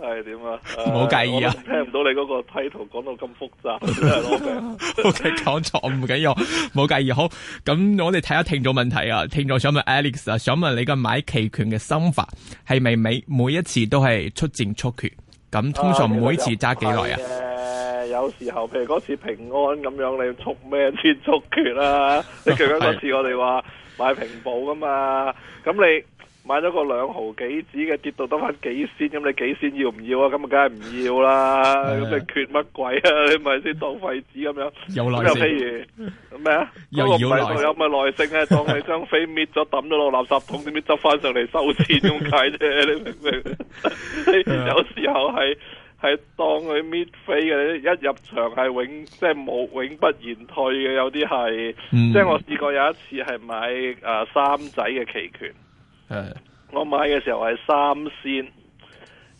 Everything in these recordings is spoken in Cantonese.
係點啊？唔好、哎、介意啊！聽唔到你嗰個批圖講到咁複雜真 ，OK，講錯唔緊要，唔好 介意。好，咁我哋睇下聽眾問題啊！聽眾想問 Alex 啊，想問你個買期權嘅心法係咪每每一次都係出戰速決？咁通常每一次揸幾耐啊？有時候譬如嗰次平安咁樣，你要速咩先速決啊？你記唔記得嗰次我哋話買平保噶嘛？咁你？買咗個兩毫幾紙嘅，跌到得翻幾仙，咁你幾仙要唔要啊？咁啊，梗係唔要啦！咁你缺乜鬼啊？你咪先當廢紙咁樣，又嚟啲嘢咩啊？咁 什麼 個幣有咩耐性咧？ 當你張飛搣咗抌咗落垃圾桶，點樣執翻上嚟收錢咁解啫？你明唔明？ 有時候係係當佢搣飛嘅，一入場係永即係、就是、無永不言退嘅。有啲係，即、嗯、係、就是、我試過有一次係買誒、啊、三仔嘅期權。Yeah. 我買嘅時候係三仙，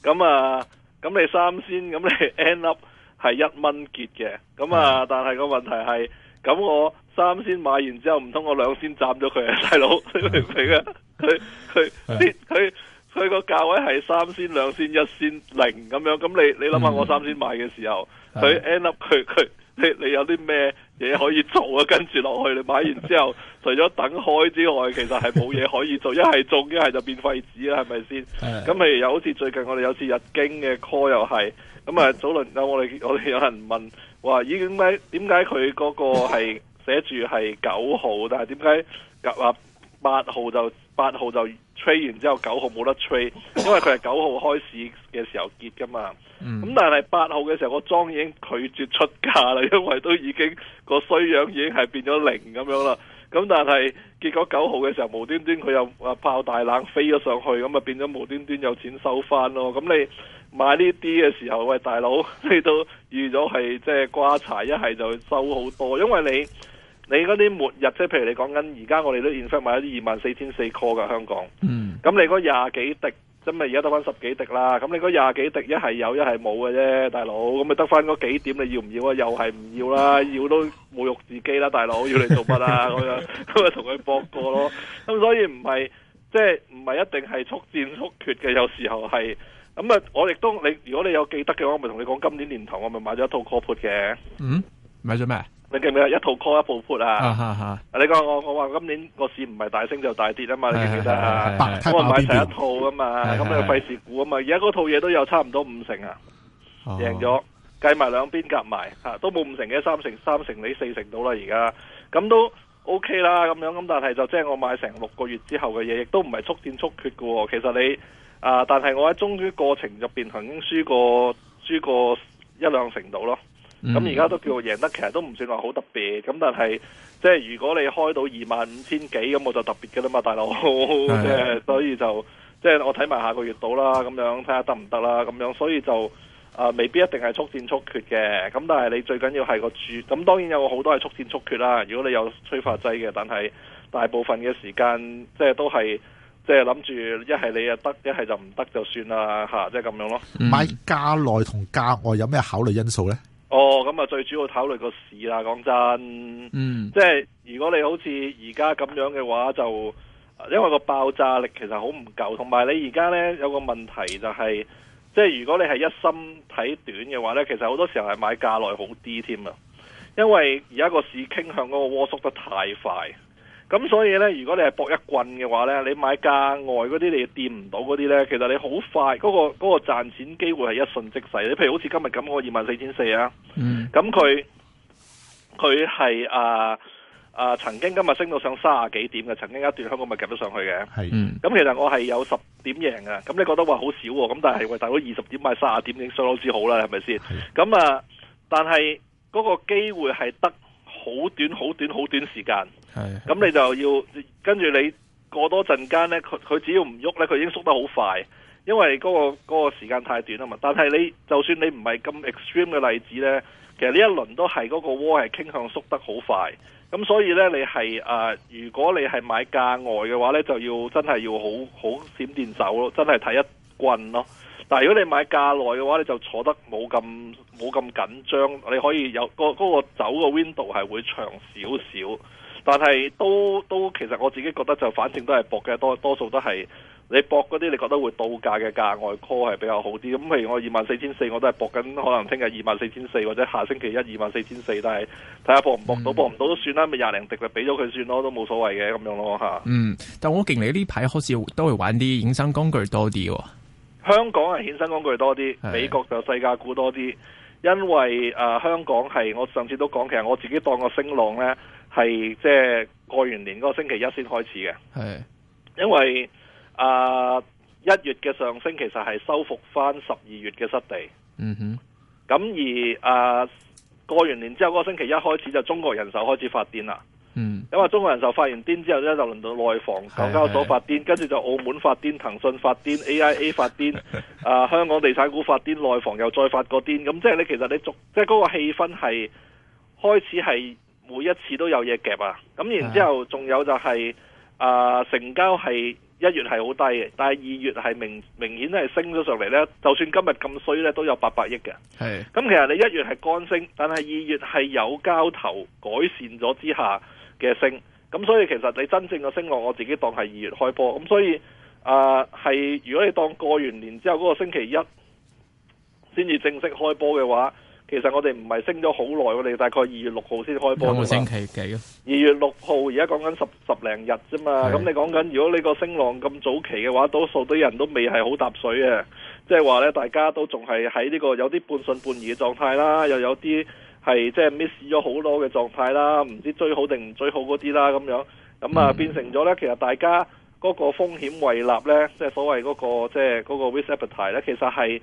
咁啊，咁你三仙，咁你 end up 係一蚊結嘅，咁啊，mm -hmm. 但係個問題係，咁我三仙買完之後，唔通我兩仙斬咗佢啊，大佬，明唔明啊？佢佢佢佢個價位係三仙、兩仙、一仙零咁樣，咁你你諗下我三仙買嘅時候，佢、mm -hmm. end up 佢佢你，你有啲咩？嘢可以做啊，跟住落去你買完之後， 除咗等開之外，其實係冇嘢可以做，一係中，一係就變廢紙啦，係咪先？咁 譬如又好似最近我哋有次日經嘅 call 又係，咁、嗯、啊早輪有我哋我哋有人問話咦，點解點解佢嗰個係寫住係九號，但係點解入八號就八號就吹完之後九號冇得吹，因為佢係九號開市嘅時候結㗎嘛。咁、嗯、 但係八號嘅時候個莊已經拒絕出價啦，因為都已經。那個衰樣已經係變咗零咁樣啦，咁但係結果九號嘅時候無端端佢又啊爆大冷飛咗上去，咁啊變咗無端端有錢收翻咯，咁你買呢啲嘅時候，喂大佬你都預咗係即係瓜柴，一係就收好多，因為你你嗰啲末日，即係譬如你講緊而家我哋都 research 買咗二萬四千四 call 㗎噶，香港，咁你嗰廿幾滴。真係而家得翻十幾滴啦，咁你嗰廿幾滴一係有一係冇嘅啫，大佬咁咪得翻嗰幾點你要唔要啊？又係唔要啦，要都侮辱自己啦，大佬要你做乜啊咁樣咁咪同佢搏過咯，咁所以唔係即係唔係一定係速戰速決嘅，有時候係咁啊！我亦都你如果你有記得嘅話，我咪同你講今年年頭我咪買咗一套科普嘅，嗯，買咗咩？你記唔記得一套 call 一部 put 啊！Uh -huh. 你講我我話今年個市唔係大升就大跌啊嘛！你記唔記得 uh -huh. Uh -huh. 我唔買成一套啊嘛，咁啊費事估啊嘛。而家嗰套嘢都有差唔多五成啊，贏咗計埋兩邊夾埋吓，都冇五成嘅，三成三成你四成到啦而家，咁都 OK 啦咁樣。咁但係就即係我買成六個月之後嘅嘢，亦都唔係速戰速決喎。其實你啊、呃，但係我喺中端過程入邊曾經輸過輸過一兩成度咯。咁而家都叫贏得，其實都唔算話好特別。咁但係，即係如果你開到二萬五千幾，咁我就特別嘅啦嘛，大佬。即係所以就，即係我睇埋下個月到啦，咁樣睇下得唔得啦，咁樣。所以就，誒，未必一定係速戰速決嘅。咁但係你最緊要係個主。咁當然有好多係速戰速決啦。如果你有催化劑嘅，但係大部分嘅時間，即係都係，即係諗住一係你又得，一係就唔得就算啦吓，即係咁樣咯。嗯，買價內同價外有咩考慮因素咧？哦，咁啊，最主要考慮個市啦，講真，嗯、mm.，即係如果你好似而家咁樣嘅話就，就因為個爆炸力其實好唔夠，同埋你而家呢，有個問題就係、是，即係如果你係一心睇短嘅話呢，其實好多時候係買價內好啲添啊，因為而家個市傾向嗰個窩縮得太快。咁所以呢，如果你係搏一棍嘅話呢，你買價外嗰啲，你掂唔到嗰啲呢。其實你好快嗰、嗰個嗰、嗰個賺錢機會係一瞬即逝。你譬如好似今日咁，我二萬四千四啊，咁佢佢係啊，啊曾經今日升到上三十幾點嘅，曾經一段香港咪夾得上去嘅。咁、嗯、其實我係有十點贏嘅。咁你覺得話好少喎、啊？咁但係喂，大佬二十點買三十點已經相當之好啦，係咪先？咁啊，但係嗰個機會係得好短、好短、好短時間。係，咁你就要跟住你過多陣間呢，佢佢只要唔喐呢，佢已經縮得好快，因為嗰個嗰個時間太短啊嘛。但係你就算你唔係咁 extreme 嘅例子呢，其實呢一輪都係嗰個窩係傾向縮得好快，咁所以呢，你係誒，如果你係買價外嘅話呢，就要真係要好好閃電走咯，真係睇一棍咯。但係如果你買價內嘅話呢，你就坐得冇咁冇咁緊張，你可以有個嗰個走嘅 window 係會長少少。但係都都，其實我自己覺得就反正都係搏嘅多，多數都係你搏嗰啲，你覺得會到價嘅價外 call 係比較好啲。咁譬如我二萬四千四，我都係搏緊，可能聽日二萬四千四或者下星期一二萬四千四。但係睇下搏唔搏到，搏唔到都算啦，咪廿零滴就俾咗佢算咯，都冇所謂嘅咁樣咯吓。嗯，但我見你呢排好似都係玩啲衍生工具多啲、哦。香港係衍生工具多啲，美國就細價股多啲，因為誒、呃、香港係我上次都講，其實我自己當個升浪咧。係即係過完年嗰個星期一先開始嘅，係因為啊一、呃、月嘅上升其實係收復翻十二月嘅失地，嗯哼，咁而啊、呃、過完年之後嗰個星期一開始就中國人壽開始發癲啦，嗯，因為中國人壽發完癲之後咧就輪到內房港交所發癲，跟住就澳門發癲，騰訊發癲，A I A 發癲，啊、呃、香港地產股發癲，內房又再發個癲，咁即係你其實你即係嗰個氣氛係開始係。每一次都有嘢夾啊！咁然之後仲有就係、是啊呃、成交係一月係好低嘅，但係二月係明明顯係升咗上嚟呢。就算今日咁衰呢，都有八百億嘅。係咁其實你一月係乾升，但係二月係有交投改善咗之下嘅升。咁所以其實你真正嘅升浪，我自己當係二月開波。咁所以係、呃、如果你當過完年之後嗰、那個星期一先至正式開波嘅話。其實我哋唔係升咗好耐，我哋大概二月六號先開波啦。兩個星期幾啊？二月六號，而家講緊十十零日啫嘛。咁你講緊如果呢個升浪咁早期嘅話，多數啲人都未係好搭水嘅，即係話咧，大家都仲係喺呢個有啲半信半疑嘅狀態啦，又有啲係即係 miss 咗好多嘅狀態啦，唔知追好定唔追好嗰啲啦咁樣。咁啊變成咗咧，嗯、其實大家嗰個風險胃納咧，即係所謂嗰、嗰個即係嗰個 risk appetite 咧，其實係，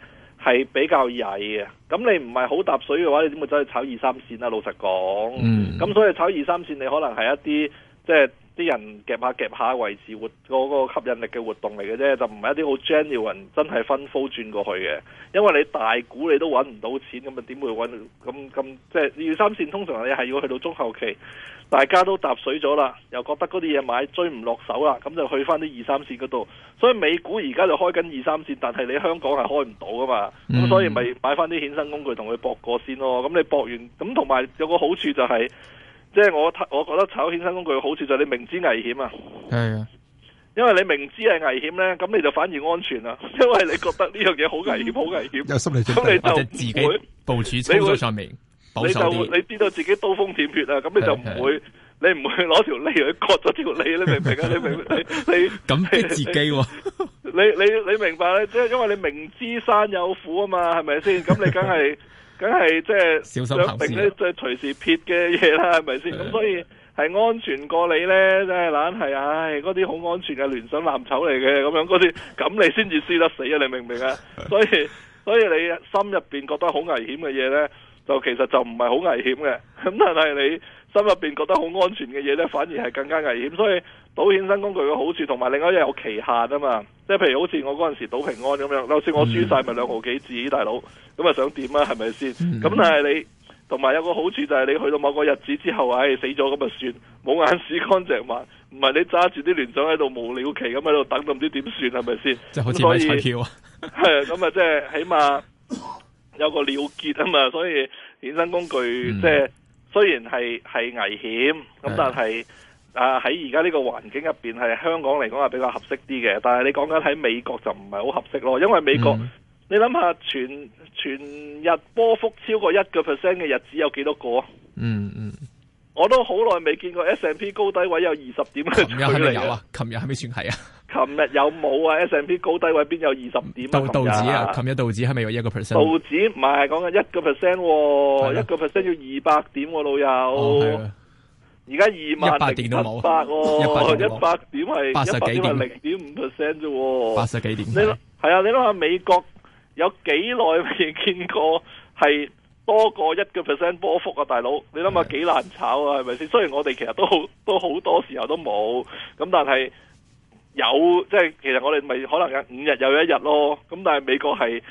係比較曳嘅，咁你唔係好搭水嘅話，你點會走去炒二三線啊？老實講，嗯、咁、所以炒二三線，你可能係一啲即係。即係啲人夾下夾下位置活嗰、那個吸引力嘅活動嚟嘅啫，就唔係一啲好 genuine 真係分 full 轉過去嘅。因為你大股你都揾唔到錢，咁咪點會揾咁咁？即係二三線通常你係要去到中後期，大家都踏水咗啦，又覺得嗰啲嘢買追唔落手啦，咁就去翻啲二三線嗰度。所以美股而家就開緊二三線，但係你香港係開唔到㗎嘛，咁所以咪買翻啲衍生工具同佢搏過先咯。咁你搏完，咁同埋有個好處就係、是。即係我，我覺得炒衍生工具嘅好處就你明知危險啊，係啊，因為你明知係危險咧，咁你就反而安全啦，因為你覺得呢樣嘢好危險，好 危險，咁你就者自己部署喺上面，你，你就你知道自己刀鋒舔血啊，咁你就唔會，你唔會攞條脷去割咗條脷，你明唔 明啊？ 你明？你咁你自己喎，你你你明白咧？即係因為你明知山有虎啊嘛，係咪先？咁你梗係。 梗係即係想定咧，即係隨時撇嘅嘢啦，係咪先？咁 所以係安全過你咧，真係懶係。唉，嗰啲好安全嘅聯想藍籌嚟嘅，咁樣嗰啲咁你先至輸得死啊！你明唔明啊？ 所以所以你心入邊覺得好危險嘅嘢咧，就其實就唔係好危險嘅。咁但係你心入邊覺得好安全嘅嘢咧，反而係更加危險。所以。賭衍生工具嘅好處，同埋另外一樣有期限啊嘛，即係譬如好似我嗰陣時賭平安咁樣，嗯、剛才輸就算我輸晒，咪兩毫幾子大佬，咁啊想點啊？係咪先？咁、嗯、但係你同埋有個好處就係你去到某個日子之後，唉、哎、死咗咁啊算，冇眼屎乾淨埋，唔係你揸住啲聯想喺度無了期咁喺度等到，都唔知點算係咪先？就係好似咪係咁啊，即係起碼有個了結啊嘛，所以衍生工具即係、嗯就是、雖然係係危險，咁但係。啊！喺而家呢個環境入邊，係香港嚟講係比較合適啲嘅。但係你講緊喺美國就唔係好合適咯，因為美國、嗯、你諗下，全全日波幅超過一個 percent 嘅日子有幾多個？嗯嗯，我都好耐未見過 S&P 高低位有二十點嘅。係咪有啊？琴日係咪算係啊？琴日有冇啊？S&P 高低位邊有二十點？道道指啊！琴日道指係咪有一個 percent？道指唔係講緊一個 percent，一個 percent 要二百點喎，老友、啊。哦。而家二萬零一百，一百點係八十幾點零點五 percent 啫，八十幾點。你諗係啊？你諗下美國有幾耐未見過係多過一個 percent 波幅啊，大佬！你諗下幾難炒啊，係咪先？雖然我哋其實都好都好多時候都冇咁，但係有即係其實我哋咪可能有五日又一日咯。咁但係美國係。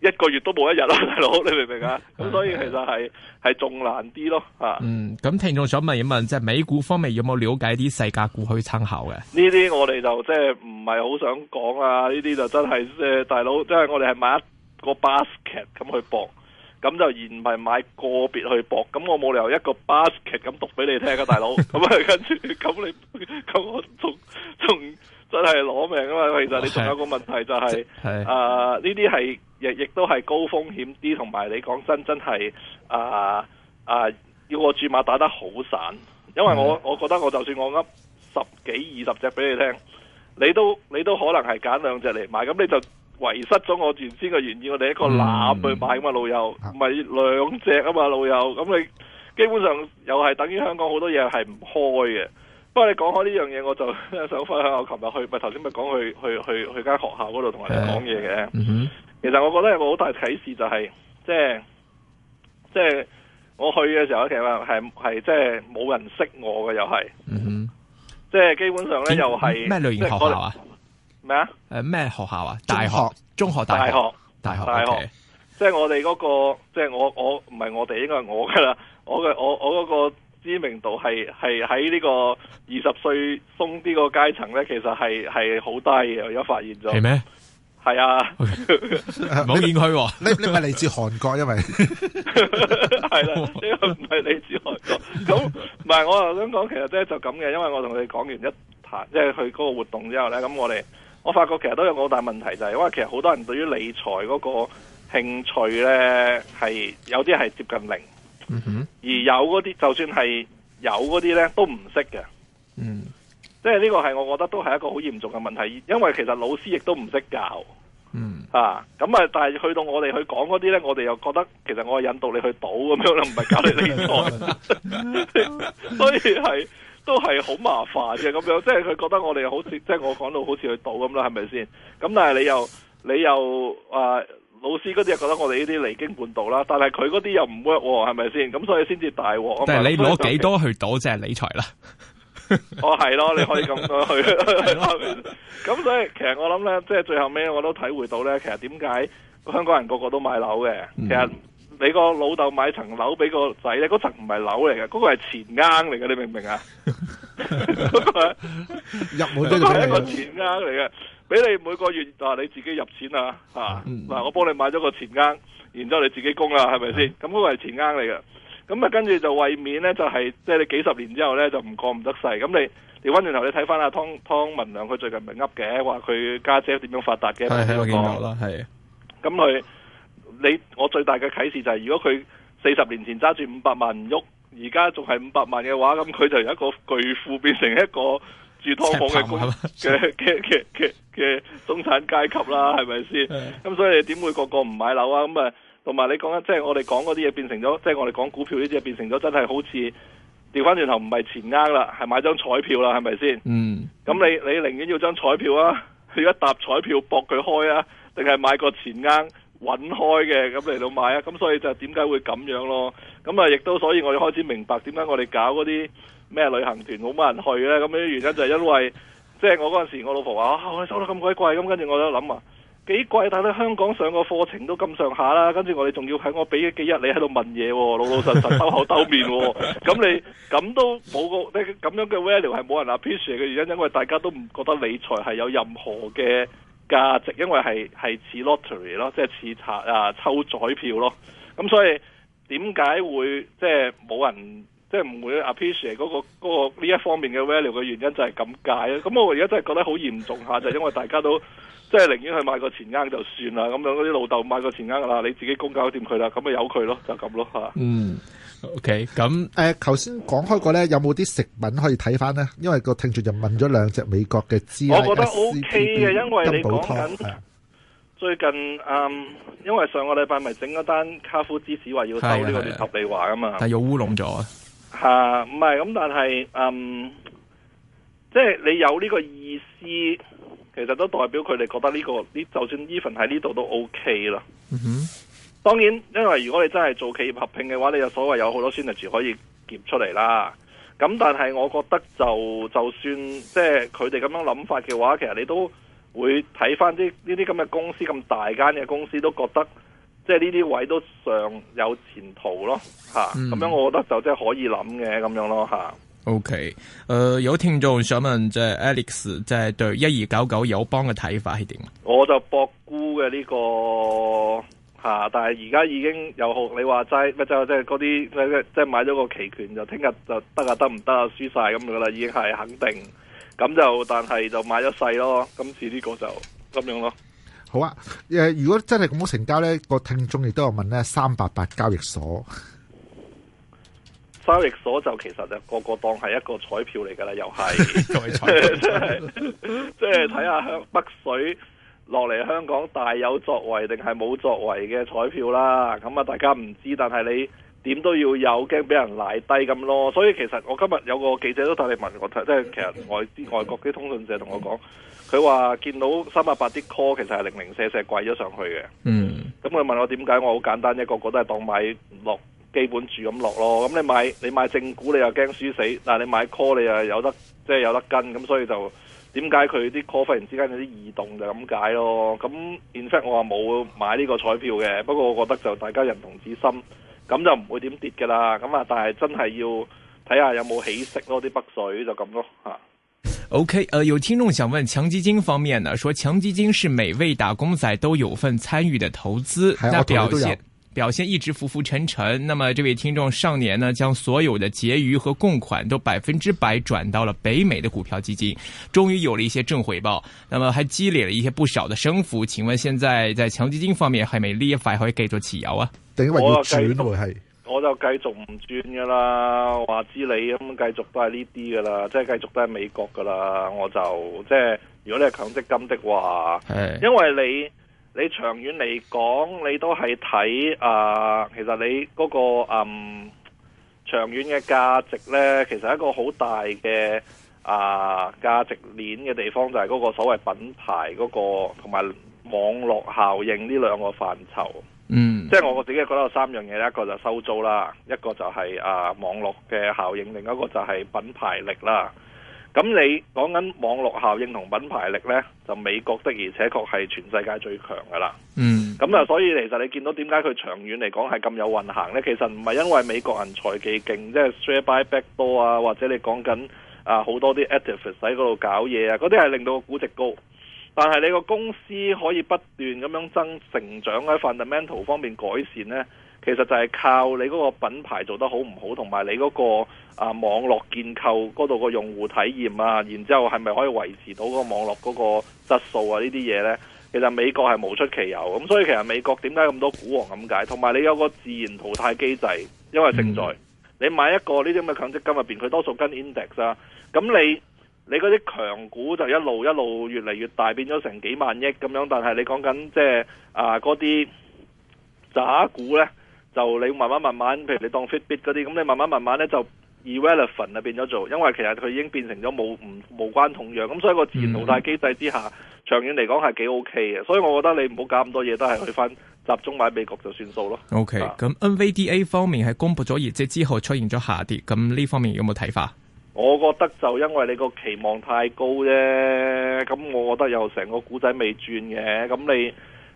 一個月都冇一日啦，大佬，你明唔明啊？咁、嗯、所以其實係係仲難啲咯，吓、啊。嗯，咁聽眾想問一問，即係美股方面有冇了解啲細價股去參考嘅？呢啲我哋就即係唔係好想講啊！呢啲就真係、呃，大佬，即、就、係、是、我哋係買一個 basket 咁去博，咁就而唔係買個別去博。咁我冇理由一個 basket 咁讀俾你聽噶、啊，大佬。咁 啊，跟住咁你咁我仲仲真係攞命啊嘛！其實你仲有個問題就係、係，啊呢啲係亦亦都係高風險啲，同埋你講真真係，啊、呃、啊、呃、要個注碼打得好散，因為我我覺得我就算我噏十幾二十隻俾你聽，你都你都可能係揀兩隻嚟買，咁你就遺失咗我原先嘅原意，我哋一個攬、嗯、去買啊嘛，老友，唔係兩隻啊嘛，老友，咁你基本上又係等於香港好多嘢係唔開嘅。不過你講開呢樣嘢，我就想翻喺我琴日去，咪頭先咪講去去去去間學校嗰度同人講嘢嘅。其實我覺得有個好大啟示就係、係，即係即係我去嘅時候其實係係即係冇人識我嘅又係、嗯，即係基本上咧又係咩類型學校啊？咩啊？誒咩、呃、學校啊？大學、中學、大學、大學、大學，okay、即係我哋嗰、嗰個，即係我我唔係我哋，應該係我噶啦，我嘅我我、嗰個。知名度係喺呢個二十歲鬆啲個階層咧，其實係好低，而家發現咗。係咩？係啊，冇好掩去。你、哦、 你唔係嚟自韓國，因為係 啦， 呢個唔係嚟自韓國。咁唔係，我又想講其實咧就咁嘅，因為我同你講完一談，即係佢嗰個活動之後咧，咁我哋我發覺其實都有好大問題、就是，就係因為其實好多人對於理財嗰個興趣咧，係有啲係接近零。嗯哼，而有嗰啲就算係有嗰啲咧，都唔識嘅。嗯，即係呢個係我覺得都係一個好嚴重嘅問題，因為其實老師亦都唔識教。嗯啊，咁啊，但係去到我哋去講嗰啲咧，我哋又覺得其實我係引導你去賭咁樣咯，唔係教你理財， 所以係都係好麻煩嘅咁樣。即係佢覺得我哋好似即係我講到好似去賭咁啦，係咪先？咁但係你又你又啊？呃老師嗰啲又覺得我哋呢啲離經叛道啦，但係佢嗰啲又唔 work 喎，係咪先？咁所以先至大鑊。但係你攞幾多去賭即係理財啦。哦，係咯，你可以咁去。咁 是的 所以其實我諗咧，即係最後尾我都體會到咧，其實點解香港人個個都買樓嘅，嗯？其實你爸爸，那個老豆買層樓俾個仔咧，嗰層唔係樓嚟嘅，嗰個係錢罌嚟嘅，你明唔明啊？入冇都睇。係一個錢罌嚟嘅。 俾你每個月你自己入錢啊。吓、啊、嗱、嗯，我幫你買咗個錢罌，然之後你自己供啦，係咪先？咁都係錢罌嚟嘅，咁啊跟住就為免咧，就係、是、即係你幾十年之後咧，就唔過唔得世咁，你後你溫轉頭你睇翻阿湯湯文亮，佢最近咪噏嘅，話佢家姐點樣發達嘅，係啦，係。咁佢你我最大嘅啟示就係、是，如果佢四十年前揸住五百萬唔喐，而家仲係五百萬嘅話，咁佢就由一個巨富變成一個。住劏房嘅嘅嘅嘅嘅中產階級啦，係咪先？咁 所以你點會個個唔買樓啊？咁啊，同埋你講緊即係我哋講嗰啲嘢變成咗，即係我哋講股票呢啲嘢變成咗，真係好似調翻轉頭唔係錢罌啦，係買張彩票啦，係咪先？嗯，咁你你寧願要張彩票啊？要一沓彩票搏佢開啊？定係買個錢罌揾開嘅咁嚟到買啊？咁所以就點解會咁樣咯？咁啊，亦都所以我哋開始明白點解我哋搞嗰啲。咩旅行團冇乜人去咧？咁樣原因就係因為，即係我嗰陣時，我老婆話，哦，我收得咁鬼貴！咁跟住我都諗啊，幾貴？但係香港上個課程都咁上下啦。跟住我哋仲要喺我俾幾日你喺度問嘢，老老實實兜口兜面。咁 你咁都冇個，咁樣嘅 value 係冇人 appreciate 嘅原因，因為大家都唔覺得理財係有任何嘅價值，因為係係似 lottery 咯，即係似啊抽彩票咯。咁所以點解會即係冇人？即係唔會 appreciate 嗰、那個、那個呢一方面嘅 value 嘅原因就係咁解啦。咁我而家真係覺得好嚴重下，就係、是、因為大家都 即係寧願去買個錢罌就算啦。咁樣嗰啲老豆買個錢罌噶啦，你自己供搞掂佢啦，咁咪由佢咯，就咁咯吓。嗯，OK 嗯。咁、嗯、誒，頭先講開過咧，有冇啲食品可以睇翻呢？因為個聽眾就問咗兩隻美國嘅芝，我覺得 OK 嘅，因為你講緊最近誒、嗯，因為上個禮拜咪整一單卡夫芝士話要收呢、這個聯合利華啊嘛，但係又烏龍咗。吓，唔係咁，但係嗯，即係你有呢個意思，其實都代表佢哋覺得呢個，就算 even 喺呢度都 OK 啦。嗯哼、mm-hmm.，當然，因為如果你真係做企業合併嘅話，你有所謂有好多 strategy 可以夾出嚟啦。咁但係我覺得就就算即係佢哋咁樣諗法嘅話，其實你都會睇翻啲呢啲咁嘅公司咁大間嘅公司都覺得。即係呢啲位都尚有前途咯，吓、嗯、咁樣我覺得就即係可以諗嘅咁樣咯，吓。OK，誒，有聽眾想問即係、就是、Alex，即係對一二九九友邦嘅睇法係點？我就博沽嘅呢個吓，但係而家已經有好，你話齋咪就即係嗰啲即係即係買咗個期權，就聽日就得啊得唔得啊？輸晒咁樣噶啦，已經係肯定。咁就但係就買咗細咯，今次呢個就咁樣咯。好啊！誒，如果真係咁好成交呢，個聽眾亦都有問呢。三八八交易所，交易所就其實就個個當係一個彩票嚟噶啦，又係，真即係睇下香北水落嚟香港大有作為定係冇作為嘅彩票啦。咁啊，大家唔知道，但係你點都要有驚俾人賴低咁咯。所以其實我今日有個記者都帶你問我睇，即係其實外資外國啲通訊社同我講。佢話見到三百八啲 call 其實係零零舍舍貴咗上去嘅，咁、嗯、佢問我點解，我好簡單一個個都係當買落基本住咁落咯。咁你買你買正股你又驚輸死，但你買 call 你又有得即係、就是、有得跟，咁所以就點解佢啲 call 忽然之間有啲異動就咁解咯。咁 in fact 我話冇買呢個彩票嘅，不過我覺得就大家人同之心，咁就唔會點跌㗎啦。咁啊，但係真係要睇下有冇起色咯，啲北水就咁咯 OK，呃，有聽眾想問強基金方面呢，說強基金是每位打工仔都有份參與的投資，那表現有表現一直浮浮沉沉。那麼這位聽眾上年呢，將所有的結餘和供款都百分之百轉到了北美的股票基金，終於有了一些正回報，那麼還積累了一些不少的升幅。請問現在在強基金方面還沒立法還會繼續起搖啊？等於話要轉回係。我就繼續唔轉噶啦，話知你咁繼續都係呢啲噶啦，即係繼續都係美國噶啦。我就即係如果你係強積金的話，係因為你你長遠嚟講，你都係睇啊，其實你嗰個嗯長遠嘅價值咧，其實一個好大嘅啊價值鏈嘅地方就係嗰個所謂品牌嗰個同埋網絡效應呢兩個範疇。嗯，即、就、係、是、我自己覺得有三樣嘢，一個就是收租啦，一個就係、是、啊、呃、網絡嘅效應，另一個就係品牌力啦。咁你講緊網絡效應同品牌力呢，就美國的而且確係全世界最強噶啦。嗯，咁啊，所以其實你見到點解佢長遠嚟講係咁有運行呢？其實唔係因為美國人財技勁，即係 share buy back 多啊，或者你講緊啊好多啲 activists 喺嗰度搞嘢啊，嗰啲係令到個估值高。但係你個公司可以不斷咁樣增成長喺 fundamental 方面改善呢，其實就係靠你嗰個品牌做得好唔好，同埋你嗰、嗰個啊網絡建構嗰度個用戶體驗啊，然之後係咪可以維持到嗰個網絡嗰個質素啊？呢啲嘢呢，其實美國係無出其右。咁，所以其實美國點解咁多股王咁解？同埋你有個自然淘汰機制，因為正在、嗯、你買一個呢啲咁嘅強積金入邊，佢多數跟 index 啊，咁你。你嗰啲強股就一路一路越嚟越大，變咗成成幾萬億咁樣，但係你講緊即係啊嗰啲渣股呢，就你慢慢慢慢，譬如你當 fitbit 嗰啲，咁你慢慢慢慢呢，就 irrelevant 啊變咗做，因為其實佢已經變成咗無唔無關痛癢咁，所以個自然淘汰機制之下，嗯、長遠嚟講係幾 OK 嘅，所以我覺得你唔好搞咁多嘢，都係去翻集中買美國就算數咯。OK，咁 NVDA 方面係公布咗業績之後出現咗下跌，咁呢方面有冇睇法？我覺得就因為你個期望太高啫，咁我覺得又成個古仔未轉嘅，咁你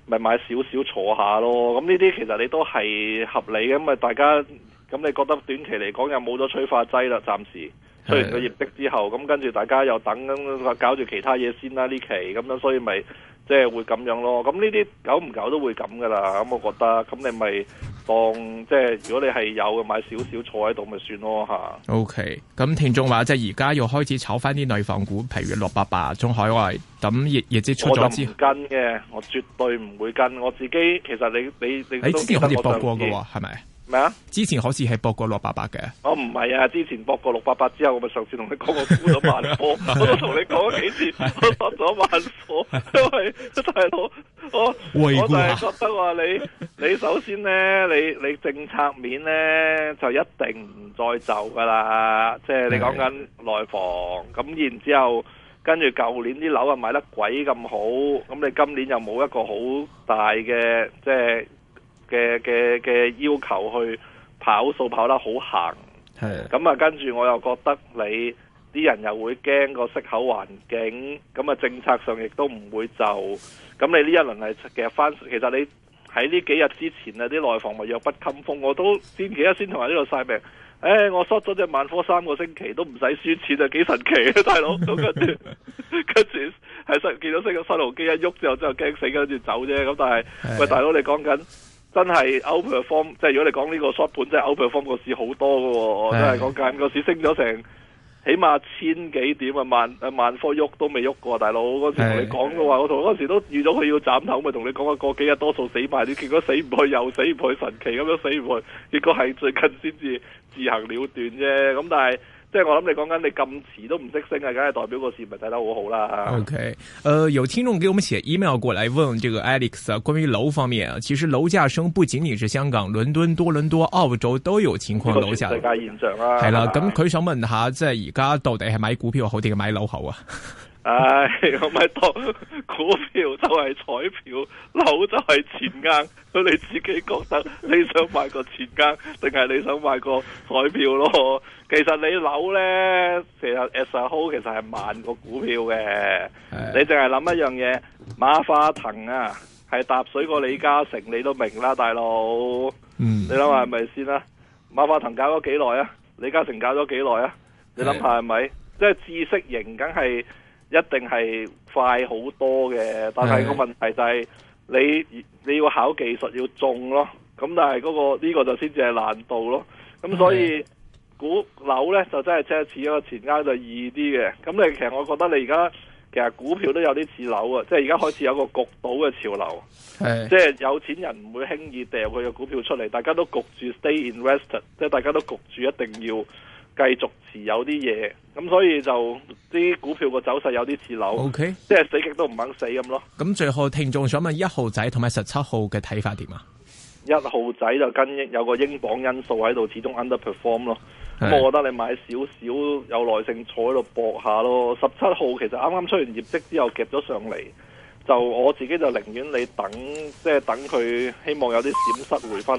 咪買少少坐下咯。咁呢啲其實你都係合理嘅，咁啊大家，咁你覺得短期嚟講又冇咗催化劑啦，暫時。係。雖然佢業績之後，咁跟住大家又等，咁搞住其他嘢先啦，呢期咁樣，所以咪。即係會咁樣咯，咁呢啲久唔久都會咁噶啦，咁我覺得，咁你咪當即係如果你係有嘅，買少少坐喺度咪算咯。吓，OK，咁聽眾話即係而家要開始炒翻啲內房股，譬如六八八、中海外，咁亦業績出咗之後，我就唔跟嘅，我絕對唔會跟。我自己其實你你你之前好似報過㗎喎。係、哎、咪？咩啊？之前好似係博過六八八嘅， 我唔係啊！之前博過六八八之後，我咪上次同你講過沽咗萬科， 我都同你講咗幾次， 我沽咗萬科。因為大佬， 我我就係覺得話你，你首先咧，你你政策面咧就一定唔再就噶啦。即係 你講緊內房咁，然 之後跟住舊年啲樓啊買得鬼咁好，咁你今年又冇一個好大嘅即係。就是嘅嘅嘅要求去跑數跑得好行，係咁啊！跟住我又覺得你啲人又會驚個息口環境，咁、嗯、啊政策上亦都唔會就咁、嗯。你呢一輪係其實翻，其實你喺呢幾日之前啊，啲內房咪弱不禁風，我都先幾日先同埋呢度晒命。誒、哎，我 short 咗隻萬科三個星期都唔使輸錢啊，幾神奇啊，大佬！ 跟住跟住係失見到升個新路機一喐之後，真係驚死跟住走啫。咁、嗯、但係喂，大佬你講緊？真係 outperform 即係如果你講呢個 short 盤，真係 outperform 個市好多噶。真係講緊個市升咗成起碼千幾點啊萬誒萬科喐都未喐過，大佬嗰時同你講嘅話，我同嗰時都預到佢要斬頭咪，同你講過幾日多數死埋，你結果死唔去又死唔去、去，神奇咁樣死唔去，結果係最近先至自、自行了斷啫，咁但係。即係我諗你講緊你咁遲都唔識升啊，梗係代表個市咪睇得好好啦。OK，呃有聽眾給我們寫 email 過嚟問，這個 Alex 啊，關於樓方面啊，其實樓價升不僅僅是香港、倫敦、多倫多、澳洲都有情況，樓價世界現象啊，啦。係啦，咁佢想問下，即係而家到底係買股票好定係買樓好啊？ 唉、哎，我咪當股票就係彩票，樓就係錢銀。佢，你自己覺得你想買個錢銀，定係你想買個彩票咯？其實你樓呢，其實 as a whole 其實係慢過股票嘅。你淨係諗一樣嘢，馬化騰啊，係踏水過李嘉誠，你都明啦，大佬。嗯，你諗下係咪先啦？馬化騰搞咗幾耐啊？李嘉誠搞咗幾耐啊？你諗下係咪？即係知識型是，梗係。一定係快好多嘅，但係個問題就係你你要考技術要中咯，咁但係嗰個呢個就先至係難度咯。咁所以股樓呢就真係似一個，前階就易啲嘅。咁你其實我覺得你而家其實股票都有啲似樓啊，即係而家開始有一個焗倒嘅潮流，即係有錢人唔會輕易掉佢嘅股票出嚟，大家都焗住 stay invested 即係大家都焗住一定要。繼續持有啲嘢，咁所以就啲股票個走勢有啲似樓，okay? 即係死極都唔肯死咁咯。咁最後聽眾想問一號仔同埋十七號嘅睇法點啊？一號仔就跟英有個英鎊因素喺度，始終 underperform 咯。咁我覺得你買少少，有耐性坐喺度搏下咯。十七號其實啱啱出完業績之後夾咗上嚟，就我自己就寧願你等，即係等佢希望有啲閃失回翻落。